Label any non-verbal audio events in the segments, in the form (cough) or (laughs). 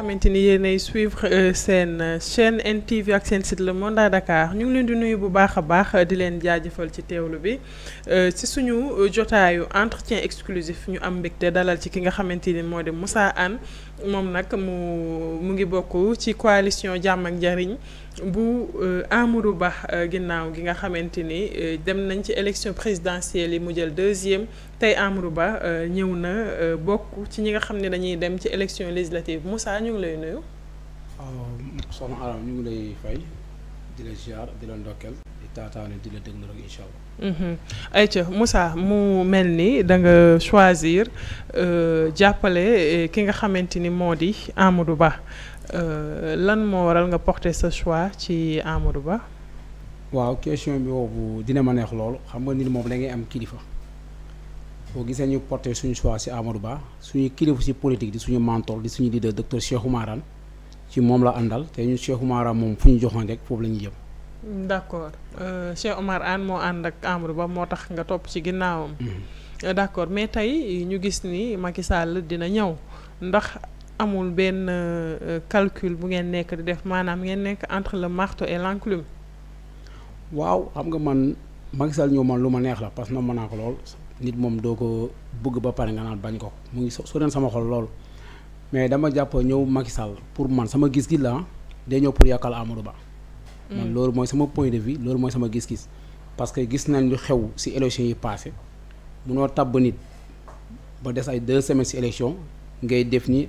xamante ni yéenay suivre euh, euh, chaîne NTV ak seen site Le Monde à Dakar ñu ngi leen di nuyu bu baax a baax di leen ci euh, entretien exclusif ñu am dalal ci Moussa Anne moom nag mu mu ngi bokk ci coalition ak bu euh, Amadou baax euh, ginnaaw gi nga xamante ni euh, dem nañ ci élection présidentielle yi mu jël deuxième tey Amadou Ba ñëw na bokk ci ñi nga xam ne dañuy dem ci élection législative Moussa ñu ngi lay nuyu. Oh, soxna Aram ñu la la ndokkeel di taataane di la déglu rek mhm. mu mel ni da nga choisir jàppale ki nga xamante ni moo di Amadou baax Euh, lan moo waral nga porté sa choix ci Amadou Ba. waaw question bi boobu dina ma neex loolu xam nga nit moom da ngay am kilifa boo gisee ñu porté suñu choix ci Amadou Ba suñu kilifa ci politique di suñu mantool di suñu leader docteur Cheikh Oumarane ci moom la àndal te ñun Cheikh Oumarane moom fu ñu joxoon rek foofu la ñuy jëm. d' accord euh, Cheikh Omar Anne moo ànd ak Amadou Ba moo tax nga topp ci ginnaawam. Mhm. d' accord mais tey ñu gis ni Macky Sall dina ñëw ndax. amul ben calcul bu ngeen nek di def manam ngeen nek entre le marteau et l'enclume waaw xam nga man Macky Sall ñëw man luma neex la parce que na mën lool nit mom do ko bëgg ba paré nga naan bañ ko mu ngi so sama xol lool mais dama japp ñew Macky Sall pour man sama gis-gis la de ñew pour yakal Amadou Ba mm. man lool moy sama point de vue lool moy sama gis-gis parce que gis nañ lu xew ci élection yi passé munoo tab nit ba des ay deux semaines ci élection ngay def ni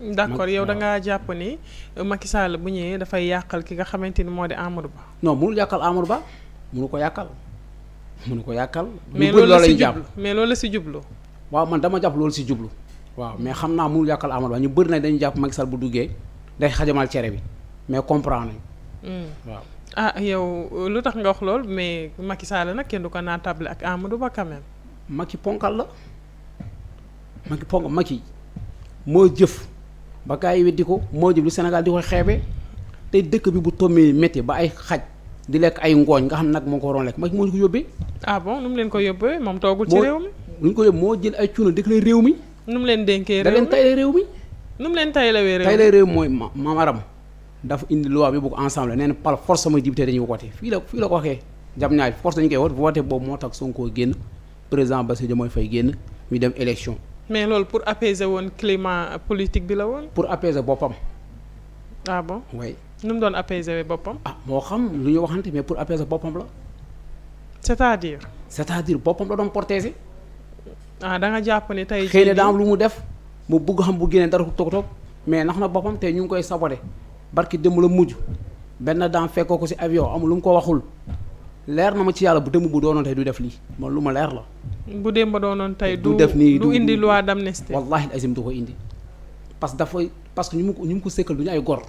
d'accord yow da nga japp ni euh, Macky Sall bu da fay yakal ki nga xamanteni modi Amadou Ba. non mënul yakal Amadou Ba mënu ko yàqal mënu ko yakal mais loolu la si jublu mais loolu la ci jublu. waaw man dama japp loolu si jublu. waaw mais xamna naa yakal Amadou Ba ñu bëri na dañu japp Macky Sall bu duggé day xajamal bi mais comprendre nañ. Hmm. ah yow lutax nga wax lool mais Macky Sall nak kenn du ko table ak Amadou Ba quand même. Macky ponkal la Macky ponk Macky mo jëf. ba gars yi weddi ko moo jël lu Sénégal di ko xeebe te dëkk bi bu tommee métti ba ay xaj di lekk ay ngooñ nga xam nag moo ko waroon lekk moo ñu ko yóbbee. ah bon nu mu leen ko yóbbee moom toogul ci réew mi. moo jël ay cuuna dëkk la réew mi. nu mu leen dénkee réew mi da leen réew mi. nu mu leen taylawee réew mi tayle réew mi mooy mamaram dafa indi loi bi bu ko ensemble nee na par force samay député dañuy wote fii la fii la ko waxee jam ñaay force dañu koy wote vote boobu moo tax Sonko génn président Bassirou Diomaye fay génn ñu dem élection mais loolu pour apaiser woon climat politique bi la woon. pour apaiser boppam. ah bon oui. nu mu doon apaiser boppam. ah moo xam lu ñu waxante mais pour apaiser boppam la. c'est-à-dire. c'est-à-dire boppam la doon protéger. ah da jàpp ne tey. xëy na daa lu mu def mu bugg xam bu génnee dara toog toog mais nax na boppam te ñu ngi koy sabote barki démb la mujj benn daan fekkoo ko ci avion amul lu mu ko waxul. leer na ma ci yàlla bu démb bu doonoon tey du def lii man lu ma leer la. bu démb ba doonoon tey du def nii du indi loi d'amnistie. wallaahi azim du ko indi parce que dafa parce que ñu mu ko ñu mu ko sëkkal du ñu ay gor.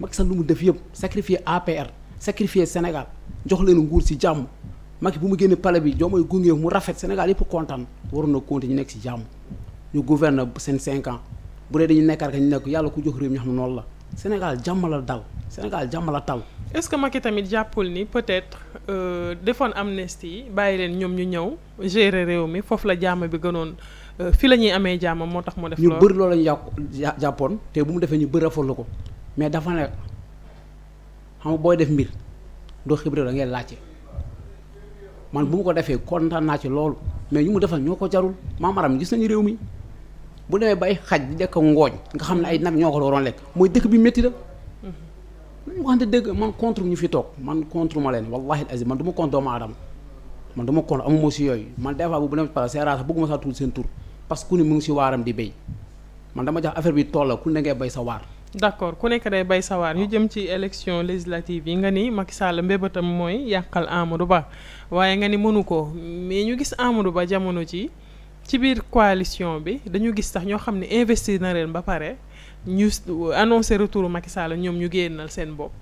Macky Sall lu mu def yëpp sacrifier APR sacrifier Sénégal jox leen nguur si jàmm Macky bu mu génne palais bi joomay gunge mu rafet Sénégal yëpp kontaan waroon na compter ñu nekk si jàmm ñu gouverne seen cinq ans bu dee dañu nekkaat ka ñu nekk yàlla ku jox réew mi ñu xam ne noonu la. Sénégal jàmm la daw Sénégal jàmm la taw. est-ce que Macky tamit jàppul ni peut-être euh, defoon amnistie bàyyi leen ñoom ñu ñëw gérer réew mi foofu la jàmm bi gënoon euh, fi la ñuy amee jàmm moo tax mu def. loolu ñu bëri loolu la ñu yàqu jàppoon te bu mu defee ñu bëri rafetlu ko mais dafa ne xam booy def mbir doo xibre da ngay laajte man bu mu ko defee kontaan naa ci loolu mais ñu mu defal ñoo ko jarul maamaram gis nañu réew mi. bu demee ba ay xaj di lekk ngooñ nga xam ne ay nag ñoo ko waroon bi métti la man contre ñu fi man contre ma leen wallahi azim man du ma contre doomu aadama man du ma contre amuma si yooyu man des bu dem par seen raas bëgguma sa tudd tur parce que ku ne mu ngi di béy man dama afer affaire bi tool la ku ne ngay béy sa waar d'accord ku nekk day bay sawaar ñu jëm ci élection législative yi nga ni Macky Sall mbébatam mooy yàqal Amadou Ba nga ni mënu ko mais ñu gis Amadou Ba jamono ci ci biir coalition bi dañu gis sax ñoo xam ne investir na leen ba pare ñu annoncer retour Macky Sall ñoom ñu génnal seen bopp.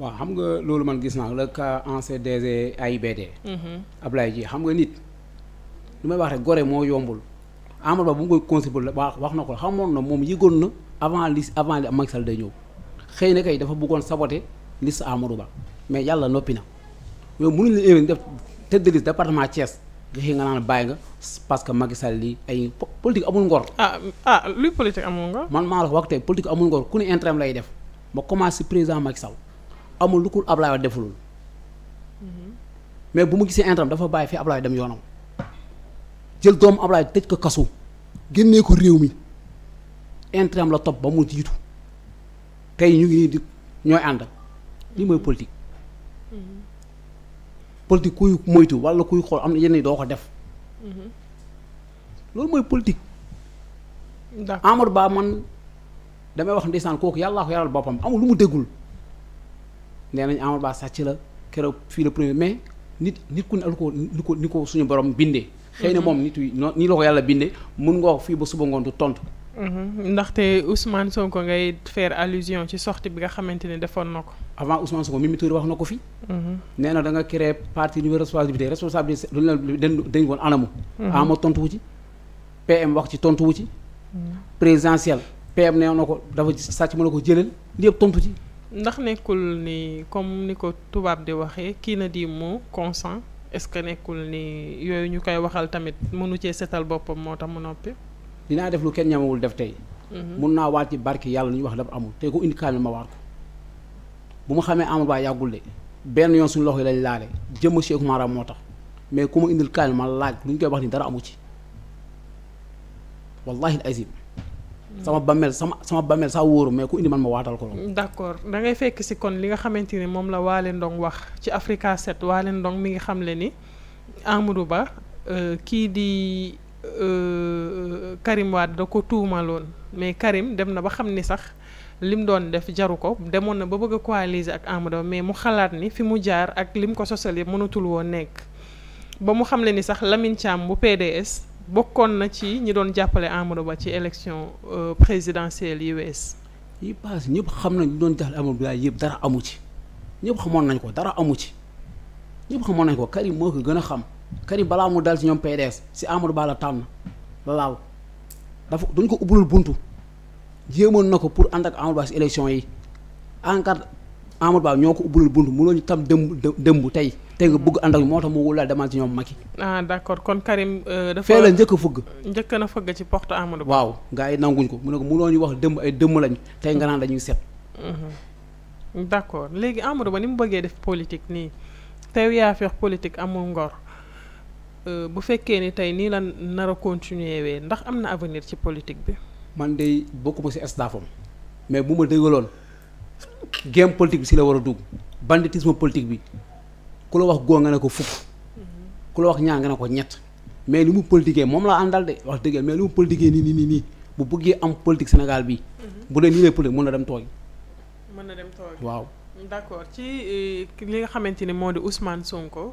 waaw xam nga loolu man gis naa le cas ancien DG AIBD. Mhm. Ablaye ji xam nga nit lu may wax rek gore moo yombul Amadou Ba bu mu koy contribué wax wax na ko xamoon na moom yëgoon na avant li avant li Macky Sall day ñëw xëy na kay dafa bëggoon saboter liste Amadou Ba mais yàlla noppi na mais mënuñu la def tête de liste département Thiès. nga xëy nga naan bàyyi nga parce que Macky Sall lii ay politique amul ngor. ah ah luy politique amul ngor. man maa la ko wax tey politique amul ngor ku ne intérêt lay def ma commencé président Macky Sall amul lu ko Ablaye Wade defulul mm-hmm. mais bu mu gisee intérêt dafa bàyyi fi Ablaye dem yoonam jël doomu Ablaye tëj ko kasu génnee ko réew mi intérêt la topp ba mu jiitu tey ñu ngi nii ñooy ànd lii mooy politique. Mm-hmm. politik kuy moytu wala kuy xol amna na do ko def mhm. lool moy politique amour Ba man damay wax ndissan koku yalla ko yaral bopam amu lu degul nenañ amour Ba sacc la kéro fi le premier mais nit nit ku ne lu ko ni ko ni ko suñu borom bindé mhm. xeyna mom nit ni lako yalla bindé mën nga fi bu suba ngontu tontu Mhm. ndaxte Ousmane Sonko ngay faire allusion ci sortie bi nga xamante ne defoon na ko. avant Ousmane Sonko Mimi Touré wax na ko fi. Mhm. nee na da nga créer parti niveau responsabilité responsabilité lu la dañ dañ woon anamu. Mhm. ama tontu wu ci PM wax ci tontu wu ci. présidentiel PM nee na ko dafa sàcc mën na ko jëlal li yëpp tontu ci. ndax nekkul ni comme ni ko tubaab di waxee kii na di moo consent est-ce que nekkul ni yooyu ñu koy waxal tamit mënu cee setal boppam moo tax mu noppi. dina def lu kenn ñamawul def tay mën naa waat ci barke yàlla ñu wax dafa amul tey ko indi kaamil ma waat ko bu ma xamee Amadou Ba yàggul de benn yoon suñu loxo lañ laale jëmm Cheikh Mara moo tax mais ku ma indil kaamil ma laaj luñ koy wax ni dara amu ci wallahi azim sama bammel sama sama bammel sa wóoru mais ku indi man ma waatal ko loolu. d'accord da ngay fekk si kon li nga xamante ni moom la Waly Ndong wax ci Africa 7 Waly Ndong mi ngi xamle ni Amadou Ba kii di. Euh, Karim Wade da ko tuumaloon mais Karim dem na ba xam ni sax lim doon def jaru ko demoon na ba bëgg a coaliser ak Amadou mais mu xalaat ni fi mu jaar ak lim ko sosal yëpp mënatul woon nekk ba mu xam xamle ni sax Lamine Thiam bu PDS bokkoon na ci ñi doon jàppale Amadou Ba ci élection euh, présidentielle yi wees yi paase ñëpp xam nañ ñu doon jàppale Amadou yëpp dara amu ci ñëpp xamoon nañ ko dara amu ci ñëpp xamoon nañ ko Karim moo ko gën a xam Karim balaa mu dal ci ñoom PDS ci Amadou Ba la tànn la laal dafa duñ ko ubbulul bunt jéemoon na ko pour ànd ak Amadou Ba ci élection yi ANCAR Amadou Ba ñoo ko ubbulul buntu mënoo ñu tam dëmb dëmb tey tey nga bëgg ànd ak moo tax mu wulal demal ci ñoom Macky. ah d'accord kon Karim. Euh, dafa fee la njëkk fëgg. njëkk na fëgg ci porte Amadou Ba. waaw gars nanguñ ko mu ne ko mënoo ñu wax dëmb ay dëmb lañ tey nga naan dañuy set. Mm-hmm. d'accord léegi Amadou Ba ni mu bëggee def politique nii tey yaa fi ngor. Euh, bu fekkee ni tey nii la nar a continuer ndax am na avenir ci politique bi. man de bokkuma si staffam mais bu ma dégaloon game politique bi si la war a dugg banditisme politique bi ku la wax góo nga ne ko fukk ku la wax ñaa nga ne ko ñett mais li mu politiqué moom la àndal de wax dëgg mais li mu politiqué nii nii nii nii bu bëggee am politique Sénégal bi mhm. bu dee nii lay politique mën na dem tooy. mën na dem tooy waaw. d'accord ci euh, li nga xamante ni moo di Ousmane Sonko.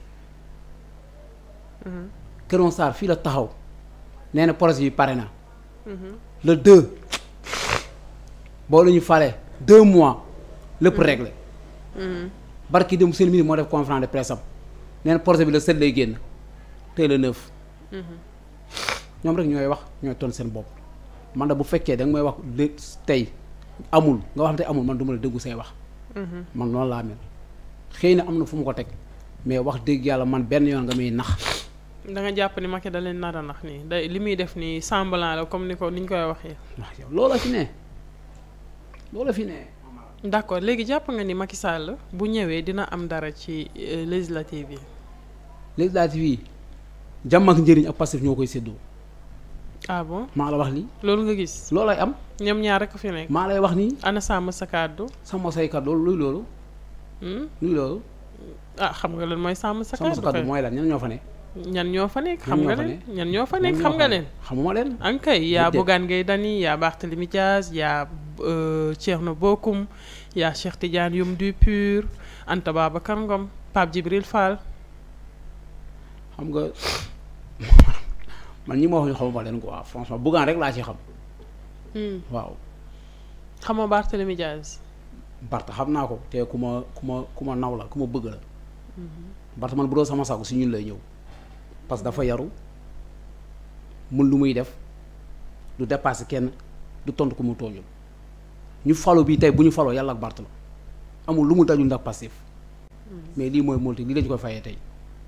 Kër Massar fii la taxaw nee na projet yi pare na. Mhm. le 2 boo la ñu falee deux mois régler mhm. réglé. Mhm. barki dem seen ministre mo def conférence de presse am projet bi le 7 lay guen génn le 9 neuf. ñom rek ñoy wax ñoy ton sen bopp man da bu féké da nga may wax tay amul nga wax tey amul man duma la déggu say wax. man non la mel xeyna amna fu mu ko teg mais wax dëgg yalla man ben yon nga may nax. da jàpp ni Macky da leen nar a nax nii day li muy def nii semblant la comme ni ko ni ñu koy waxee. loola fi ne fi ne. d' accord léegi jàpp nga ni Macky Sall bu ñëwee dina am dara ci euh, législative yi. législative yi jàmm ak njëriñ ak passif ñoo koy séddoo. ah bon la wax lii. loolu nga gis loolay am. ñoom ñaar rek fi nekk. maa lay wax nii. ana sàmm sa kàddu. sàmm say kàddu loolu luy loolu. Hmm? luy loolu. ah xam nga lan mooy sàmm sa kàddu. sàmm sa kàddu mooy lan ñan ñoo fa ne. ñan ñoo fa nekk xam nga leen ñan ñoo fa nekk xam nga leen xamuma leen ankay ah, yaa Bougane Gueye Dany yaa Barthélémy Dias yaa euh, na Bocoum yaa Cheikh Tidiane Youm du Pur Anta Babacar Ngom Pape Djibril Fall xam nga man ñi ma wax ñu xamuma leen quoi franchement Bougane rek laa ci xam hmm. waaw xamoo Barthélémy Dias Barth xam naa ko te ku ma ku ma ku ma naw la ku ma bëgg la hmm. Barth man bu doon sama sago si ñun lay ñëw parce que dafa yaru mën lu muy def du dépassé kenn du tontu ku mu tooñul ñu falo bi tey bu ñu faloo yàlla ak bart la amul lu mu dajul ndax passif hmm. mais lii mooy molti lii lañu koy fayee tey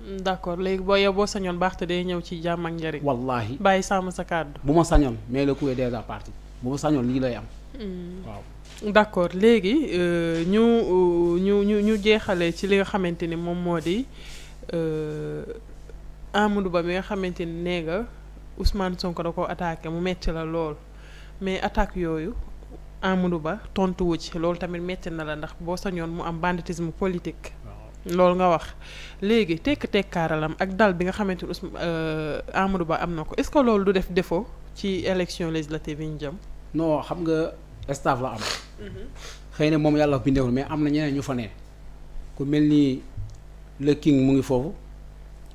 hmm, d' léegi boo yow boo sañoon te day ñëw ci jàmm ak njëriñ wallaahi bàyyi sàmm sa kàddu bu ma sañoon mais le coup est déjà parti bu ma sañoon lii lay am hmm. waaw d' accord léegi euh, ñu euh, ñu ñu ñu jeexalee ci li nga xamante ni moom moo di euh, Amadou Ba bi nga xamante ni nee nga Ousmane Sonko da ko attaqué mu metti la lool mais attaque yooyu Amadou Ba tontuwu ci loolu tamit metti na la ndax boo ñoon mu am banditisme politique. loolu nga wax léegi tekk-tekkaaralam ak dal bi nga xamante ni euh, Amadou Ba am na ko est-ce que loolu du def défaut ci élection législative yi ñu jëm. non xam nga staff la am. Mhm. xëy na moom yàlla bindeewul mais am na ñeneen ñu fa ne ku mel ni le king mu ngi foofu.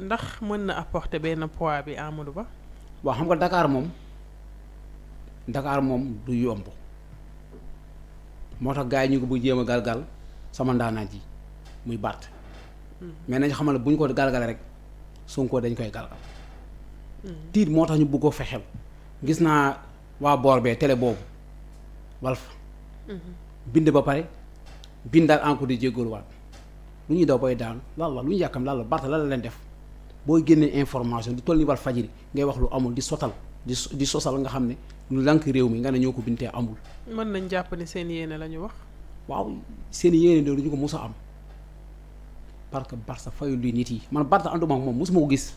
ndax mën na apporter benn poids bi Amadou Ba. waaw xam nga dakaar moom Dakar moom du yomb moo tax gars yi ñu ko bu jéem a galgal sama ndaanaan ji muy Bart. Hmm. mais nañu xamal ne bu ñu ko galgal rek Sonko dañ koy galgal. Hmm. tiit moo tax ñu bëgg ko fexeel. gis naa waa boor bee télé boobu Walf. Hmm. bind ba pare bindaal encore di jéggaluwaat lu ñuy daw bay daan lan la lu ñu yàkkam lan la Bart leen def. booy génnee information du toll ni wal fajiri ngay wax lu amul di sotal di di sosal nga xam ne lu lànk réew mi nga ne ñoo ko bintee amul. man nañ jàpp ne seen yéene la ñu wax. waaw seen yéene loolu ñu ko mos a am parce que Barça fayul luy nit yi man Barça ànduma ak moom mosuma ko gis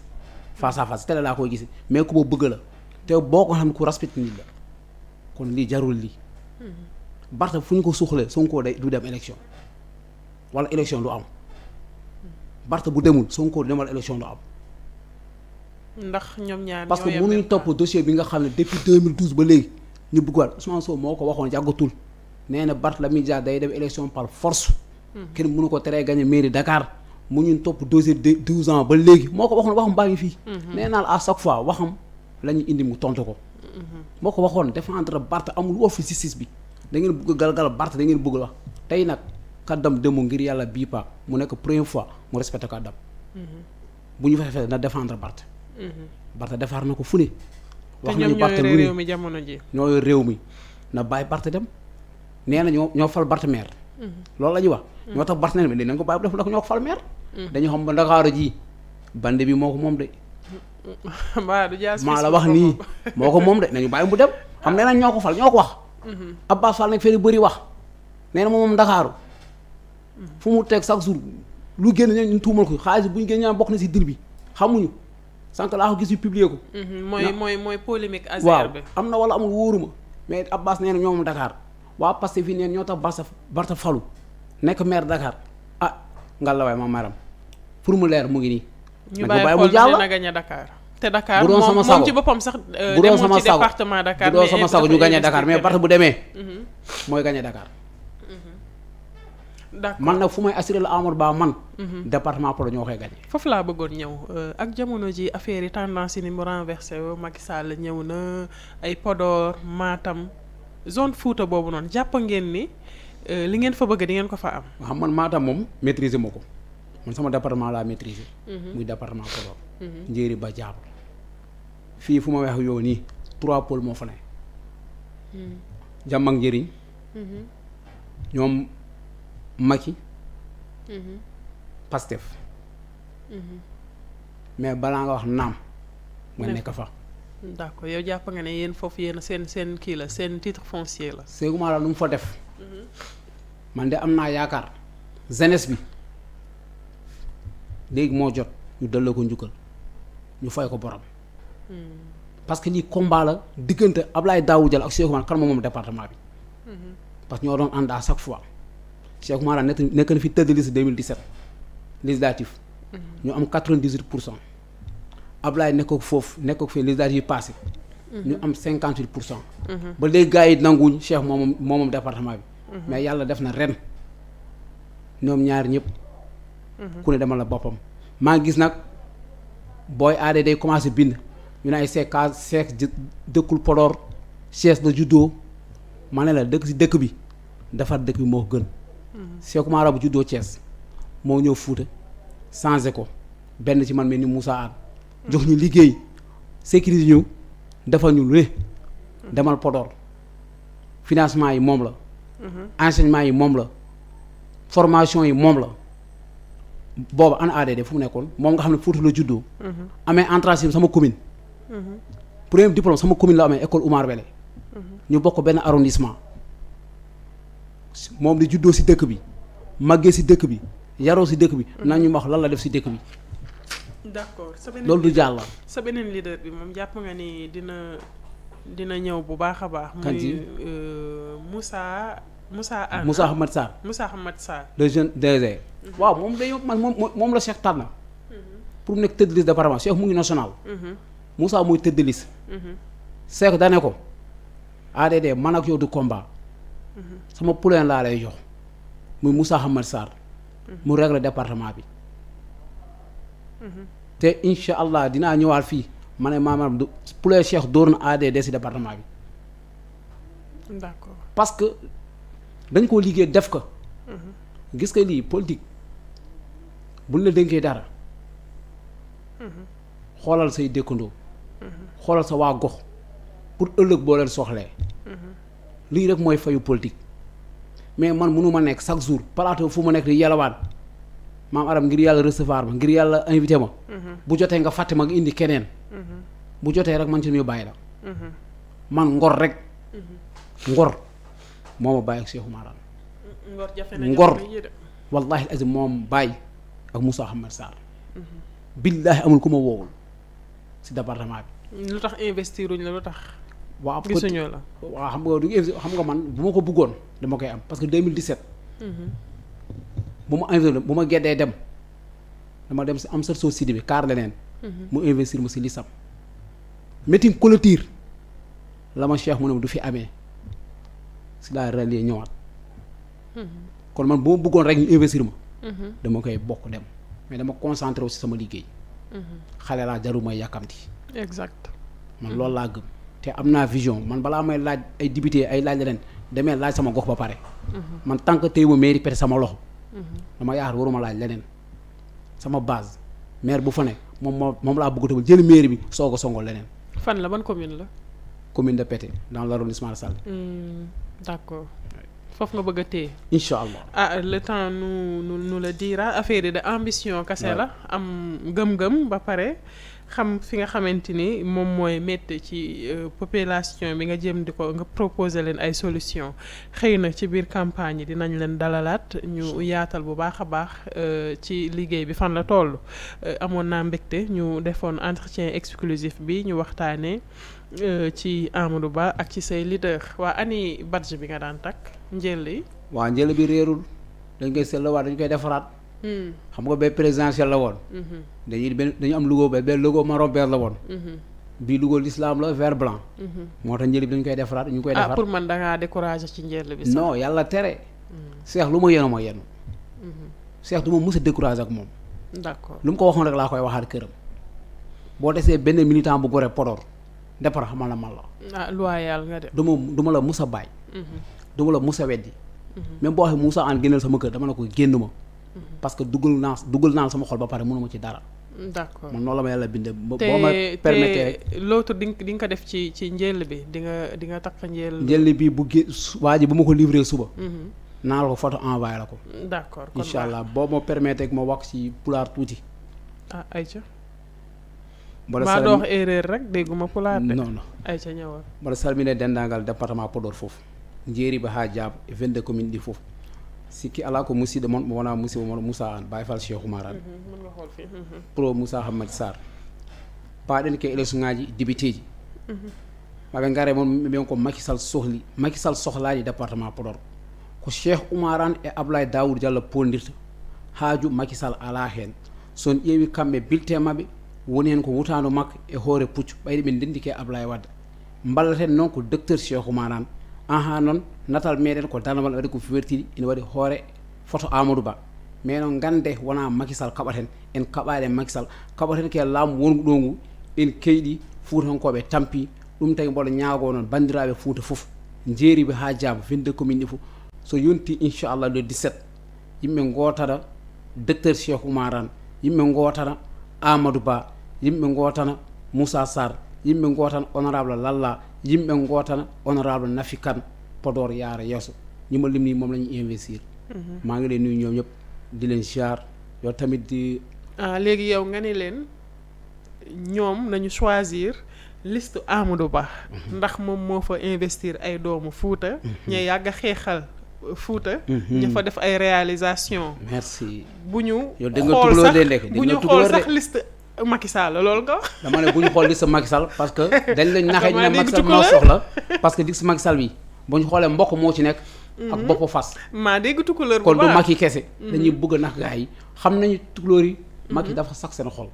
face à face télé laa koy gis mais ku ma bëgg la te boo ko xam ku respecté nit la kon lii jarul lii. Hmm. Barça fu ñu ko suuxlee Sonko day du dem élection wala élection du am hmm. bu demul Sonko demal ndax ñoom ñaar parce que mënuñu topp dossier bi nga xam depuis 2012 ba légui ñu bëggoon Ousmane Sow moko ko waxoon yàggatul nee na Barthélémy Dias day dem élection par force. Hmm. kenn mënu ko téré gagner mairie Dakar mu ñu top dossier 12 ans ba légui moko ko waxoon waxam baangi fi fii. Hmm, hmm. à chaque fois waxam lañu indi mu tontu ko. moko ko waxoon défendre Barth amul office fi justice bi da ngeen bëgg galgal Barth da ngeen bëgg wax tay nak kàddam demo ngir yalla bi pa mu nekk première fois mu respecté kàddam. bu ñu fexe na défendre Barth. Barta defar nako fune wax nañu barta mu rew mi jamono ji ñoy rew mi na bay barta dem neena ño fal barta mer mm-hmm. lool lañu wax mm-hmm. ño tax barta neena nañ ko bàyyi def la ko ñoo fal mer mm-hmm. dañu xam ba Ndakaaru ji bande bi moko mom de ma (laughs) du jass ma la wax ni moko mom de nañu bay mu dem xam neena fal wax Abbas fal nak feeri beuri wax neena mom fu chaque jour lu genn ñu tuumal ko xaalis buñu genn ñaan bokk na ci dil bi xamuñu sank laa ko gis mhm, yu ya. publié ko. moy moy moy polémique. waaw amna wala amul wóoruma mais Abbas nee na ñoom Dakar wa passé fi neen ñota bassa Barta falu nek maire Dakar ah nga la way ma maram pour mu leer mu ngi ni ñu bàyyi jalla na gagne Dakar té Dakar mom mom ci bopam sax. bu sama sago ci département Dakar mais bu sama sago ñu gagne Dakar mais Barta bu demee. moy mhm. gagne Dakar man na fumay assurer le amour Ba man. Mhm. département pour ñoo koy gagné. foofu laa bëggoon ñëw euh, ak jamono ji affaire yi tendance ni mo renverser wu Macky Sall ñëw na ay Podor Matam zone foota bobu non japp ngeen ni euh, li ngeen fa bëgg di ngeen ko fa am. waaw man Matam mom maîtriser ma man sama département la maîtriser. Mhm. muy département Podor. Mhm. Njéeri ba japp fi fuma wax yo ni trois pôles mo fa ne. jàmm ak njëriñ. ñoom. Macky mm-hmm. Pastef mm-hmm. mais balaa nga wax naam nga nekk fa d'accord yow jàpp nga ne yéen foofu yéen seen seen kii la seen titre foncier la Seydou Mara lu mu fa def mm-hmm. man de am naa yaakaar jeunesse bi léegi moo jot ñu delloo ko njukkal ñu fay ko borom parce que lii combat la diggante Ablaye daawu jël ak Cheikh kan moom moom bi parce ñoo doon ànd à chaque fois Cheikh Oumar nekk nekk na fi tête de liste 2017 législatif. Mhm. ñu am 98 pour cent. Ablaye nekkoog foofu nekkoog fii législative yi passé. Mhm. ñu am 58 pour cent. Mhm. ba léegi gars yi nanguwuñ Cheikh moomam moomam département bi. mais yàlla def na ren ñoom ñaar ñëpp. ku ne dama la boppam. maa gis nag booy aade day commencé bind ñu ne ay Cheikh Ka Cheikh dëkkul Podor Cheikh la juddoo ma ne la dëkk si dëkk bi defar dëkk bi moo gën. Mm-hmm. Seeku Maara bu juddoo Thiès moo ñëw Fuuta changé ko benn ci man mel ni Moussa Anne mm-hmm. jox ñu liggéey sécurité ñu dafa ñu lu mm-hmm. demal Podor financement yi moom la enseignement yi moom la formation yi moom la booba des fonds fu mu nekkoon moom nga xam ne Fuuta la juddoo amee entrance sama commune premier diplôme sama commune la amee école Omar Bele ñu beaucoup ben arrondissement moom di juddoo si dëkk bi màggee si dëkk bi yaroo si dëkk bi mm-hmm. nañu wax lan la def si dëkk bi. d'accord sa loolu du jàll. sa beneen leader bi moom jàpp nga ni dina dina ñëw bu baax a baax. muy euh, Moussa Moussa Anne Moussa Ahmad Sarr. Moussa Ahmad Sarr. le jeune DG. Mm-hmm. waaw moom day man moom moom la Cheikh tànn. Mm-hmm. pour mu nekk tête de liste de parlement mu ngi national. Moussa mooy tête de dane ko. ADD man ak yow combat. sama poulain laa lay jox muy Moussa Hamad Sarr mu régler département bi te incha allah dinaa ñëwaat fii ma ne maanaam du poulain Cheikh dóor na ADD si département bi d'accord parce que dañ koo liggéey def ko gis nga lii politique buñ la dénkee dara xoolal say dëkkandoo xoolal sa waa gox pour ëllëg boo leen soxlee lii rek mooy fayu politique mais man mënu ma nekk chaque jour plateau fu ma nekk yalawaan maam aram ngir yàlla recevoir ma ngir yàlla invité ma. Mhm. bu jotee nga fàtte ma nga indi keneen. Mhm. bu jotee rek man ci ñu bàyyi la. Mhm. man ngor rek. ngor moo ma bàyyi ak Cheikh Oumar mm, ngor jafe na ngor wallaahi azim moom bàyyi ak Moussa Ahmed Sarr. billaahi amul ku ma woowul si département bi. lu tax investiruñ la lu tax. waaw gisuñu la waaw xam nga du xam bu ma ko bëggoon dama koy am parce que 2017. Mm-hmm. bu ma invité bu dama dem si am sa soo sidi bi kaar leneen. Mm-hmm. mu investir ma si lisam. meeting clôture la ma Cheikh mu ne du fi amee si laa rallier ñëwaat. Mm-hmm. kon man bu ma bëggoon rek ñu investir ma. dama koy bokk dem mais dama concentré wu si sama liggéey. xale laa jarul may yàkkamti. exact man loolu laa gëm. te am naa vision man balaa may laaj ay député ay laaj leneen demee laaj sama gox ba pare. Mhm. man tant que tey ma mairie perte sama loxo. Mhm. dama yaakaar waruma laaj leneen sama base maire bu fa ne moom moo moom laa bëgg a jël mairie bi soog a songo leneen. fan la ban commune la. commune de Pété dans l'arrondissement de Sall. Hmm, d'accord. foofu nga bëgg a téye. incha allah ah le temps nu nu nu la dira affaire yi de ambition kase la am gëm-gëm ba pare xam fi nga xamante ni moom mooy métti ci euh, population bi nga jëm di ko nga proposer leen ay solution xëy na ci biir campagne dinañ leen dalalaat ñu yaatal bu baax a baax euh, ci liggéey bi fan la toll euh, amoon naa mbégte ñu defoon entretien exclusif bi ñu waxtaanee. Euh, ci Amadou Ba ak ci say leader waa ani badge bi nga daan takk njël yi waa njël bi réerul dañ koy waa dañ koy defaraat hmm. xam nga ba présidentiel la woon mhm. dañuy benn dañu am logo ba benn logo marron la woon mhm. bii logo l'islam la vert blanc mhm. moo tax njël bi dañ koy defaraat ñu koy ah, defaraat ah pour man da ngaa ci njël bi non yàlla tere hmm. seex lu ma yenu ma yenu seex du ma mës a ak moom d'accord lu ko waxoon laa koy waxaat këram boo desee benn militant bu gore Podor départ xamal la man ah, la loyal nga def duma duma la musa bay mhm. duma la musa weddi mhm. même bo waxe musa an gënal sama kër dama la ko gënuma mhm. parce que dugul na dugul na sama xol ba pare mënuma ci dara d'accord man noonu la ma yàlla bindee boo ma permettre rek l'autre ding ding nga ko def ci ci njël bi di nga di nga tak njël njël bi bu waji bu mako livrer suba naa la ko photo envoyer la ko d'accord inshallah bo mo permettre permettre mo wax ci pulaar touti ah ayca mbaɗa ma ɗoox erreur rek déyguma pulaarde non non ayca ñawol mbaɗa salmine denndaangal département podor fof njeeriba haa jaab e vingt deux commune ɗi fof sikki alaa ko musidɗo moon mo wonaa musidɓo moon moussa an baye fal cheikh oumar an mhm, mhm. pro moussa hammadi sar paaɗen ke élection ŋaaji débité ji mhm. maɓe ngare moon ɓen ko makisal sohli makisal sohlaaji département podor ko cheikh oumar an e ablay dawoud diallo poondirta haaju makisal alaa heen so n ƴeewi kamɓe bilte maɓe woni hen ko wutando makko e hoore puccu ɓayde min ndendike ablaye wadda ballaten noon ko docteur cheikhou manan en ha noon natal meɗen ko dandamal waɗi ko fewertiɗi ene waɗi hoore photo amadou ba mais noon gande wona makisal kaɓaten en kaɓaɗe makisal kaɓaten ke laamu wongu ɗo ngu en keyɗi fuutankoɓe tampi ɗum tagi mboɗo ñaago noon bandiraɓe fuuta foof jeeriɓe ha jaama finde commune ɗi fo so yonti inchallah le 17 yimɓe gotata docteur cheikhou maran yimɓe gotata amadou ba yimɓe gotana moussa sar yimɓe gotana honorable lalla yimɓe gotana honorable nafi kane podor yaara yeeso ñi ma lim nii moom la ñu investir mhm. maa ngi leen nuyu ñoom ñëpp di leen ziar yow tamit di ah léegi yow nga ne leen ñoom nañu choisir list Amadou Ba mhm. ndax moom moo fa investir ay doomu Fuuta mhm. ña yàgg a xeexal Fuuta ña fa def ay réalisation merci bu ñu xool sax bu Macky Sall loolu nga dama ne bu ñu xool liste Macky Sall parce que (laughs) dañ lañ naxee ñu ne Macky Sall moo soxla parce que liste Macky Sall bi bu ñu xoolee mbokk moo ci nekk ak mhm. bopp fas maa dégg tukulóor kon du mhm. a yi xam nañu tukulóor yi mhm. Macky dafa sax seen xol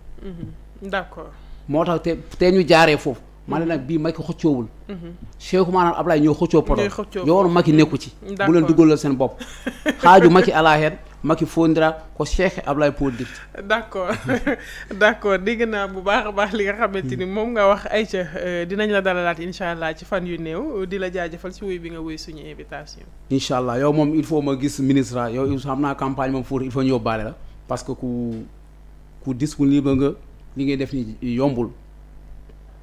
moo tax te te ñu jaaree foofu maa nag bii Macky xëccoowul Cheikh maanaam Ablaye ñoo xëccoo Podor yoonu Macky nekku ci bu leen duggalal seen bopp (laughs) xaaju Macky alaaxeen Macky fondra ko Cheikh Ablaye Podor d' accord (laughs) d' accord dégg naa bu baax a baax li nga xamante ni moom nga wax ay ca euh, dinañ la dalalaat incha allah ci fan yu néew di la jaajëfal ci wuy bi nga wuy suñu invitation incha allah yow moom il faut ma gis ministre ah, yow xam naa campagne moom fóor il faut ñu yóbbaale la parce que ku ku disponible nga li ngay def ni yombul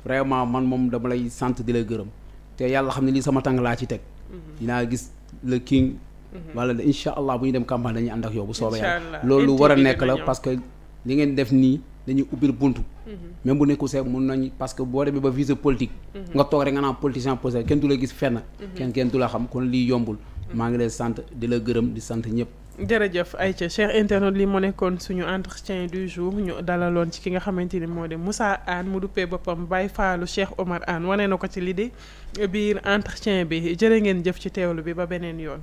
vraiment man moom dama lay sant di la gërëm te yàlla xam ne lii sama tàng laa ci teg mhm. dinaa gis le king Mhm. wala incha allah bu ñu dem campagne dañuy ànd ak yow bu soobee yàlla loolu war a nekk la parce que li ngeen def nii dañuy ubbil buntu mhm. même bu nekkul seeg mun nañ parce que boo demee ba vise politique mhm. nga toog rek nga naan politicien posé kenn du la gis fenn kenn kenn du la xam kon lii yombul maa ngi lay sant di la gërëm di sant ñëpp jërëjëf Aïcha cher internet lii mu nekkoon suñu entretien du jour ñu dalaloon ci ki nga xamante ni moo de Moussa Anne mu duppee boppam Baye Fallou Cheikh Omar Anne wane na ko ci li di biir bi jërë ngeen jëf ci teewlu bi ba beneen yoon